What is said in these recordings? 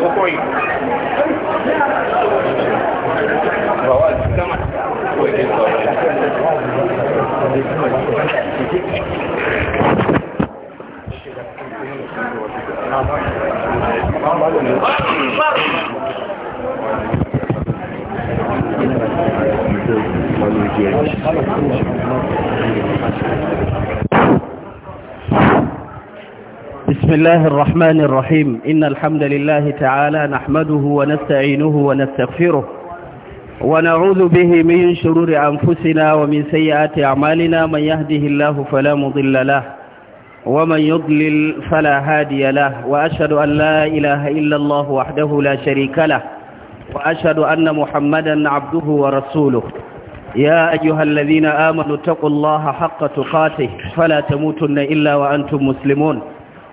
kókó Thank you. بسم الله الرحمن الرحيم إن الحمد لله تعالى نحمده ونستعينه ونستغفره ونعوذ به من شرور أنفسنا ومن سيئات أعمالنا من يهده الله فلا مضل له ومن يضلل فلا هادي له وأشهد أن لا إله إلا الله وحده لا شريك له وأشهد أن محمدا عبده ورسوله يا أيها الذين آمنوا اتقوا الله حق تقاته فلا تموتن إلا وأنتم مسلمون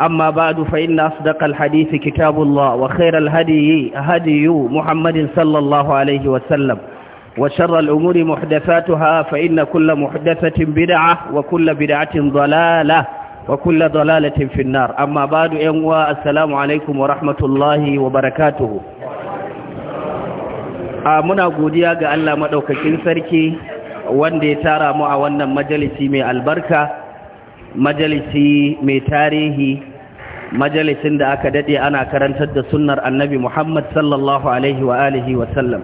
أما بعد فإن أصدق الحديث كتاب الله وخير الهدي هدي محمد صلى الله عليه وسلم وشر الأمور محدثاتها فإن كل محدثة بدعة وكل بدعة ضلالة وكل ضلالة في النار أما بعد أنواء السلام عليكم ورحمة الله وبركاته muna godiya ga Allah madaukakin sarki wanda ya tara mu a wannan majalisi mai albarka majalisi mai tarihi majalisin da aka dade ana karantar da sunnar annabi Muhammad sallallahu alaihi wa alihi wa sallam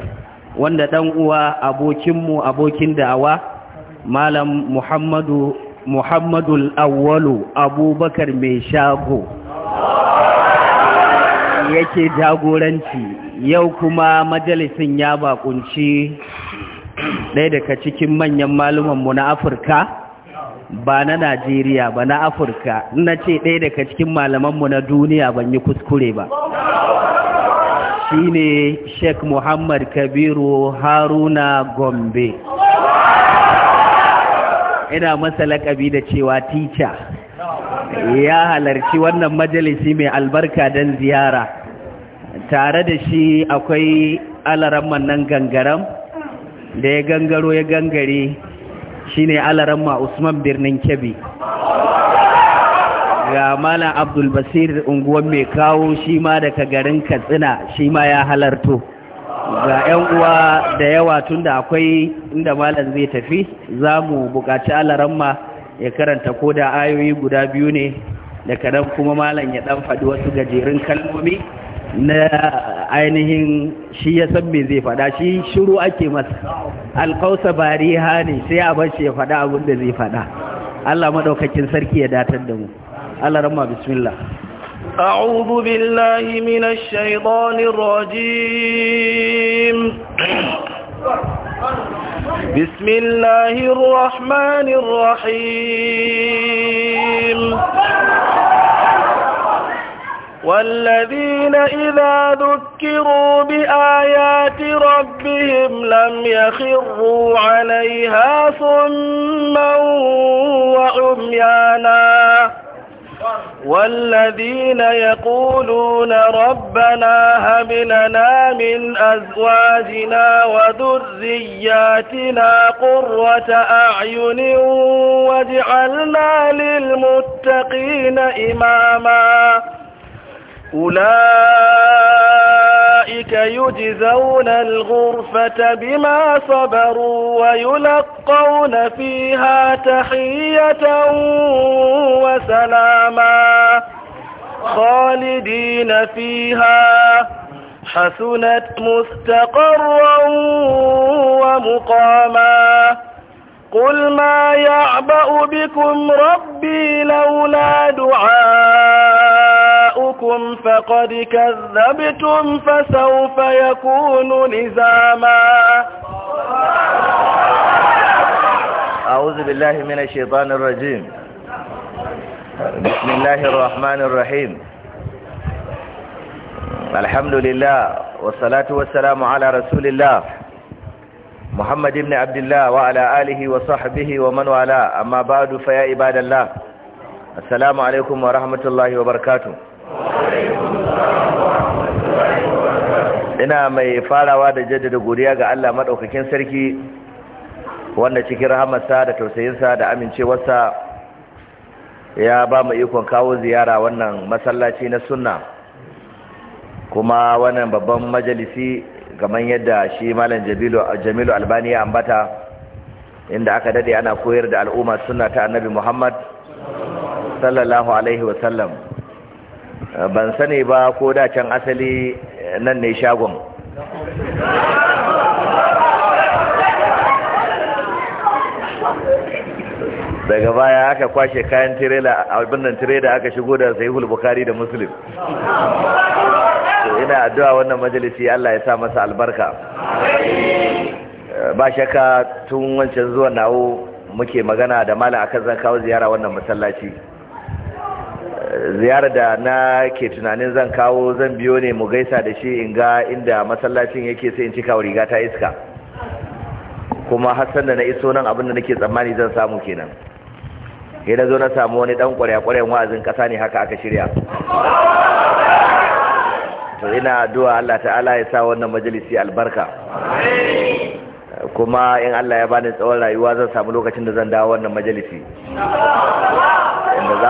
wanda dan uwa abokinmu abokin da'awa malam Muhammadu Muhammadul Awwalu Abubakar mai shago yake jagoranci yau kuma majalisin ya bakunci ɗaya daga cikin manyan malumanmu na Afirka ba na Najeriya ba na Afirka na ce ɗaya daga cikin malamanmu na duniya ban yi kuskure ba Shi ne Sheikh Muhammad Kabiru Haruna Gombe ina masa laƙabi da cewa tica ya halarci wannan majalisi mai albarka don ziyara tare da shi akwai alaramman nan gangaram da ya gangaro ya gangare shine alaramma Usman birnin Kebbi ga Malam Abdul Basir unguwar mai kawo shi ma daga garin Katsina shi ma ya halarto ga 'yan uwa da yawa tunda akwai inda malam zai tafi za mu buƙaci alaramma ya karanta ko da ayoyi guda biyu ne daga nan kuma malam ya ɗan faɗi wasu gajerun kalmomi na ainihin shi ya san me zai faɗa shi shiru ake masa alƙausa bariha ne sai a bar shi ya faɗa abin da zai faɗa Allah madaukakin sarki ya datar da mu Allah rahma bismillah أعوذ بالله من الشيطان الرجيم بسم الله الرحمن والذين إذا ذكروا بآيات ربهم لم يخروا عليها صما وعميانا والذين يقولون ربنا هب لنا من أزواجنا وذرياتنا قرة أعين واجعلنا للمتقين إماماً أولئك يجزون الغرفة بما صبروا ويلقون فيها تحية وسلاما خالدين فيها حسنت مستقرا ومقاما قل ما يعبأ بكم ربي لولا دعاكم لكم فقد كذبتم فسوف يكون لزاما أعوذ بالله من الشيطان الرجيم بسم الله الرحمن الرحيم الحمد لله والصلاة والسلام على رسول الله محمد بن عبد الله وعلى آله وصحبه ومن والاه أما بعد فيا عباد الله السلام عليكم ورحمة الله وبركاته ina mai farawa da jaddada godiya ga Allah madaukakin sarki wanda cikin rahamarsa da tausayinsa da amincewarsa ya ba mu ikon kawo ziyara wannan masallaci na sunna kuma wannan babban majalisi kamar yadda shi malam Jamilu Albani ya ambata inda aka dade ana koyar da al'umma sunna ta Annabi Muhammad sallallahu alaihi wasallam ban sani ba ko da can asali nan ne shagon daga baya aka kwashe kayan tirela abin tirela aka shigo da sahihul bukhari da muslim ina addu'a wannan majalisi Allah ya sa masa albarka ba shakka tun wancan zuwan nawo muke magana da malam akan zan kawo ziyara wannan masallaci ziyarar da na ke tunanin zan kawo zan biyo ne mu gaisa da shi in ga inda masallacin yake sai in cika riga ta iska kuma hassan da na iso nan abin da nake tsammani zan samu kenan sai na zo na samu wani dan ƙwarya kwaryan wa'azin ƙasa ne haka aka shirya to ina addu'a Allah ta'ala ya sa wannan majalisi albarka kuma in Allah ya bani tsawon rayuwa zan samu lokacin da zan dawo wannan majalisi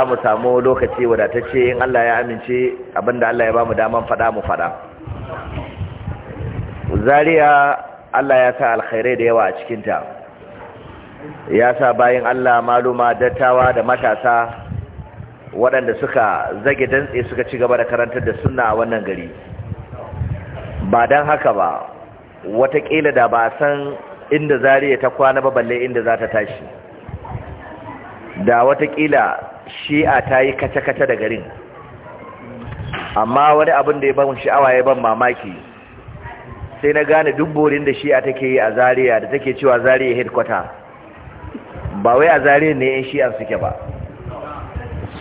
za mu samu lokaci wadatacce in Allah ya amince abinda Allah ya ba mu daman faɗa mu faɗa zariya Allah ya sa alkhairai da yawa a cikinta ya sa bayan Allah maluma dattawa da matasa waɗanda suka zage dantse suka ci gaba da karantar da sunna a wannan gari ba don haka ba watakila da ba san inda zariya ta kwana ba balle inda za ta tashi da watakila shi'a ta yi kace-kace da garin amma wani abin da ya ban sha'awa ya ban mamaki sai na gane duk borin da shi'a take yi a Zariya da take cewa Zariya headquarter ba wai a Zariya ne yan shi'an suke ba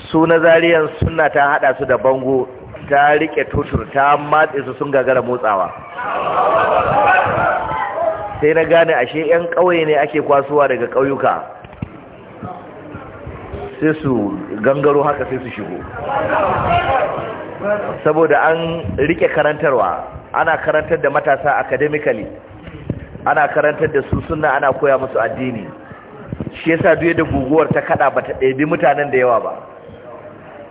su na zariyan suna ta hada su da bango ta rike tutur ta matse su sun gagara motsawa sai na gane ashe yan ƙauye ne ake kwasuwa daga ƙauyuka sai su gangaro haka sai su shigo saboda an rike karantarwa ana karantar da matasa academically ana karantar da su suna ana koya musu addini shi yasa duye da guguwar ta kada ta ɗebi mutanen da yawa ba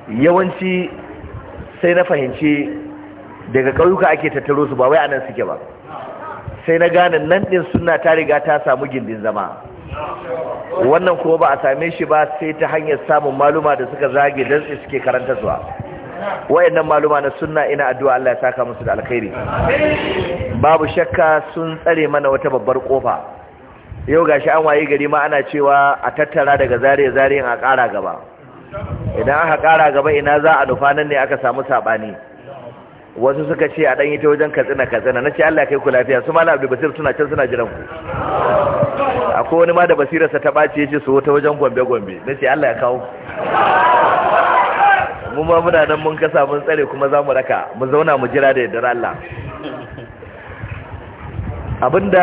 yawanci sai na fahimci daga ƙauyuka ake tattaro su ba wai anan suke ba sai na gane nan ɗin suna ta riga ta samu gindin zama wannan kuma ba a same shi ba sai ta hanyar samun maluma da suka zage don su suke karanta zuwa wayannan maluma na sunna ina addu'a Allah ya saka musu da alkhairi babu shakka sun tsare mana wata babbar kofa yau gashi an waye gari ma ana cewa a tattara daga zare zariyan a ƙara gaba idan aka ƙara gaba ina za a nufa nan ne aka samu sabani wasu suka ce a ɗan yi ta wajen katsina katsina na ce Allah kai ku lafiya su malam Abdul Basir suna can suna jiran ku akwai wani ma da basirarsa ta ɓace yace so ta wajen gombe-gombe na ce Allah ya kawo mu ma muna nan mun kasa mun tsare kuma za mu raka mu zauna mu jira da yardar Allah abinda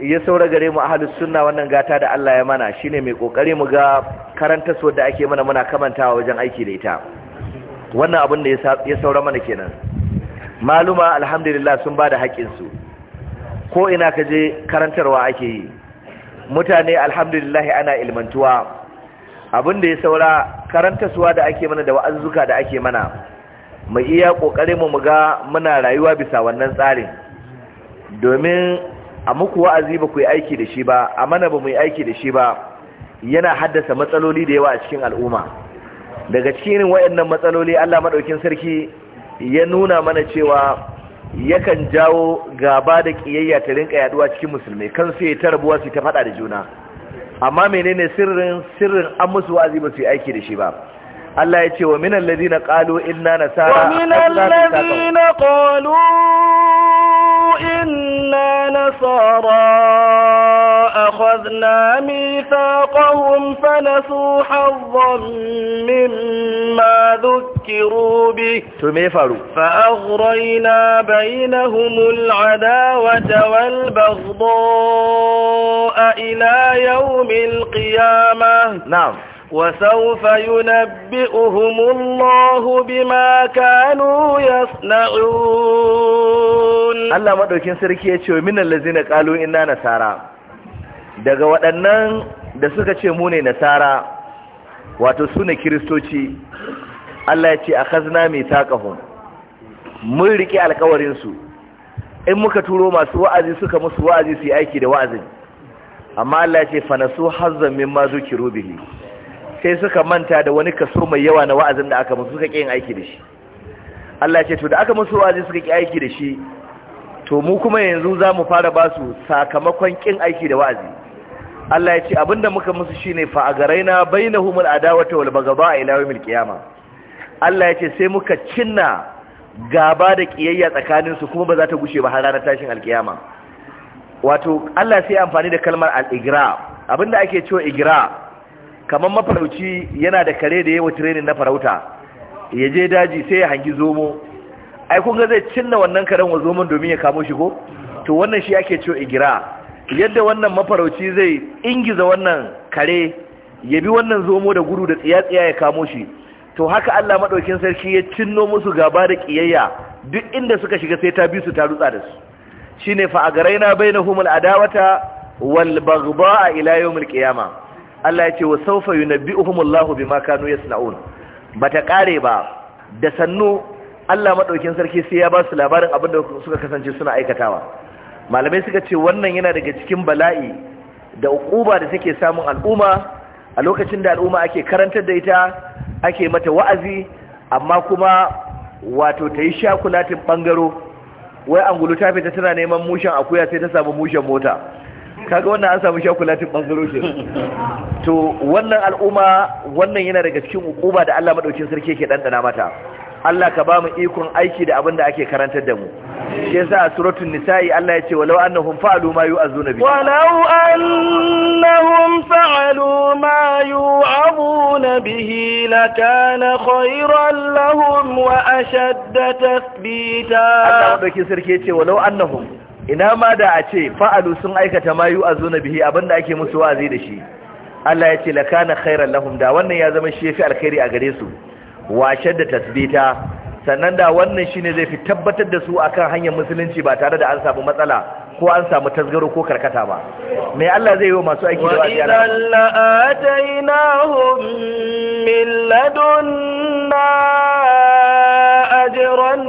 ya saura gare mu ahalus sunna wannan gata da Allah ya mana shine mai kokari mu ga karanta su da ake mana muna kamantawa wajen aiki da ita wannan abin da ya saura mana kenan maluma alhamdulillah sun bada da su ko ina ka je karantarwa ake yi mutane alhamdulillah ana ilmantuwa abin da ya saura karantarsuwa da ake mana da wa'azzuka da ake mana mu iya ƙoƙarin mu ga muna rayuwa bisa wannan tsarin domin a muku wa'azi ba ku yi aiki da shi ba a mana ba mu yi aiki da shi ba yana haddasa matsaloli da yawa a cikin al'umma daga cikin waɗannan matsaloli Allah madaukin sarki ya nuna mana cewa yakan jawo gaba da kiyayya ta rinka yaduwa cikin musulmai kan su ya tarbuwa su ta fada da juna amma menene sirrin sirrin an musu wa'azi ba su yi aiki da shi ba Allah ya ce wa min allazina qalu inna nasara wa min allazina qalu in نصارى أخذنا ميثاقهم فنسوا حظا مما ذكروا به فأغرينا بينهم العداوة والبغضاء إلى يوم القيامة نعم وسوف ينبئهم الله بما كانوا يصنعون الله madaukin sarki yace wa minal ladzina qalu inna nasara daga waɗannan da suka ce mu ne nasara wato su ne kiristoci Allah ya ce akhazna mithaqahum mun riƙe alƙawarin su in muka turo masu wa'azi suka musu wa'azi su yi aiki da wa'azin amma Allah ya ce fa fanasu hazzan mimma zukiru bihi sai suka manta da wani kaso mai yawa na wa'azin da aka musu suka ƙi yin aiki da shi Allah ce to da aka musu wa'azi suka ƙi aiki da shi to mu kuma yanzu za mu fara ba su sakamakon ƙin aiki da wa'azi Allah ya ce abinda muka musu shine fa baina bainahumul adawata wal bagaba a yawmil qiyama Allah ya ce sai muka cinna gaba da ƙiyayya tsakanin su kuma ba za ta gushe ba har ranar tashin alkiyama wato Allah sai amfani da kalmar al'igira igra abinda ake cewa igira. kamar mafarauci yana da kare da yawa tirenin na farauta ya je daji sai ya hangi zomo ai kun ga zai cinna wannan karen wa zomon domin ya kamo shi ko to wannan shi ake ciwo igira yadda wannan mafarauci zai ingiza wannan kare ya bi wannan zomo da gudu da tsiya-tsiya ya kamo shi to haka Allah madaukin sarki ya cinno musu gaba da kiyayya duk inda suka shiga sai ta bi su ta rutsa da su shine fa agaraina bainahumul adawata wal a ila yawmil qiyamah Allah ya ce wa saufa yunabbi'uhumullahu bima kanu yasna'un bata kare ba da sannu Allah madaukin sarki sai ya ba su labarin abin da suka kasance suna aikatawa malamai suka ce wannan yana daga cikin bala'i da ukuba da take samun al'umma a lokacin da al'umma ake karantar da ita ake mata wa'azi amma kuma wato ta yi shakulatin bangaro wai angulu ta fita tana neman mushen akuya sai ta samu mushen mota kaga wannan an samu shakulatin bangaro ke to wannan al'umma wannan yana daga cikin hukuma da Allah madaukin sarki yake dandana mata Allah ka ba mu ikon aiki da abin da ake karantar da mu shi yasa a suratul nisa'i Allah ya ce walau annahum fa'alu ma yu'azuna bi walau annahum fa'alu ma yu'azuna bihi lakana khayran lahum wa ashadda tathbita Allah madaukin sarki ya ce walau annahum ina ma da a ce fa'alu sun aikata mayu ma na bihi abin da ake musu wa'azi da shi Allah ya ce lakana khairan lahum da wannan ya zama shi fi alkhairi a gare su washar da tasbita sannan da wannan shine zai fi tabbatar da su akan hanyar musulunci ba tare da an samu matsala ko an samu tasgaro ko karkata ba mai Allah zai yi wa masu aiki da wa’azi yana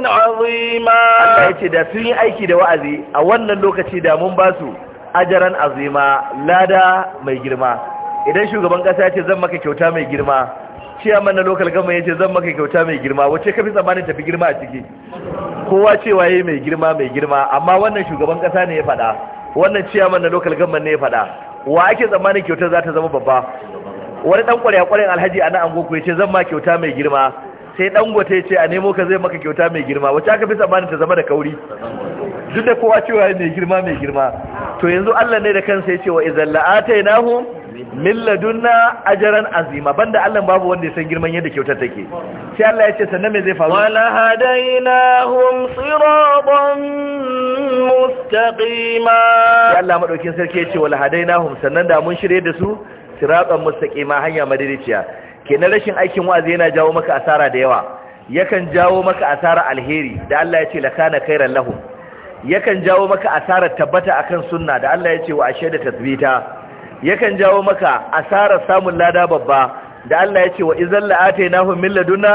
ya ce da sun yi aiki da wa'azi a wannan lokaci da mun ba su ajaran azima lada mai girma idan shugaban kasa ya ce zan maka kyauta mai girma chairman na local government ya ce zan maka kyauta mai girma wace kafi tsamanin tafi girma a ciki kowa cewa yi mai girma mai girma amma wannan shugaban kasa ne ya faɗa wannan chairman na local government ne ya faɗa wa ake tsammanin kyauta za ta zama babba wani dan kwarya-kwaryan alhaji a na angoku ya ce zan ma kyauta mai girma sai dangote ce a nemo ka zai maka kyauta mai girma wacce aka fi tsammanin ta zama da kauri duk da kowa cewa mai girma mai girma to yanzu Allah ne da kansa ya ce wa idan la'atainahum min ladunna ajran azima banda Allah babu wanda ya san girman yadda kyautar take sai Allah ya ce sannan me zai faru wala hadainahum siratan mustaqima ya Allah madaukin sarki ya ce wala hadainahum sannan da mun shirye da su siratan mustaqima hanya madaidaiciya na rashin aikin wa'azi yana jawo maka asara da yawa yakan jawo maka asara alheri da Allah ya ce lakana khairan lahum yakan jawo maka asara tabbata akan sunna da Allah ya ce wa ashe da tasbita yakan jawo maka asara samun lada babba da Allah ya ce wa idzal la'atainahum min ladunna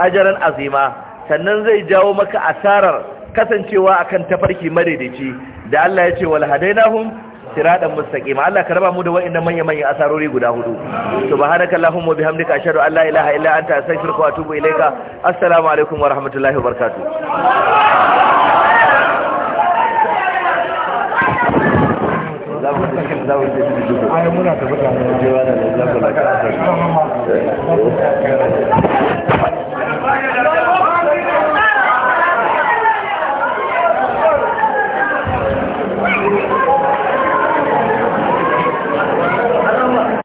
ajran azima sannan zai jawo maka asarar kasancewa akan tafarki madaidaici da Allah ya ce wal hadainahum siratan mustaqima Allah ka raba mu da wa'annan manya-manyan asarori guda hudu subhanakallahumma bihamdika ashhadu an la ilaha illa anta astaghfiruka wa atubu ilaika assalamu alaikum wa rahmatullahi wa barakatuh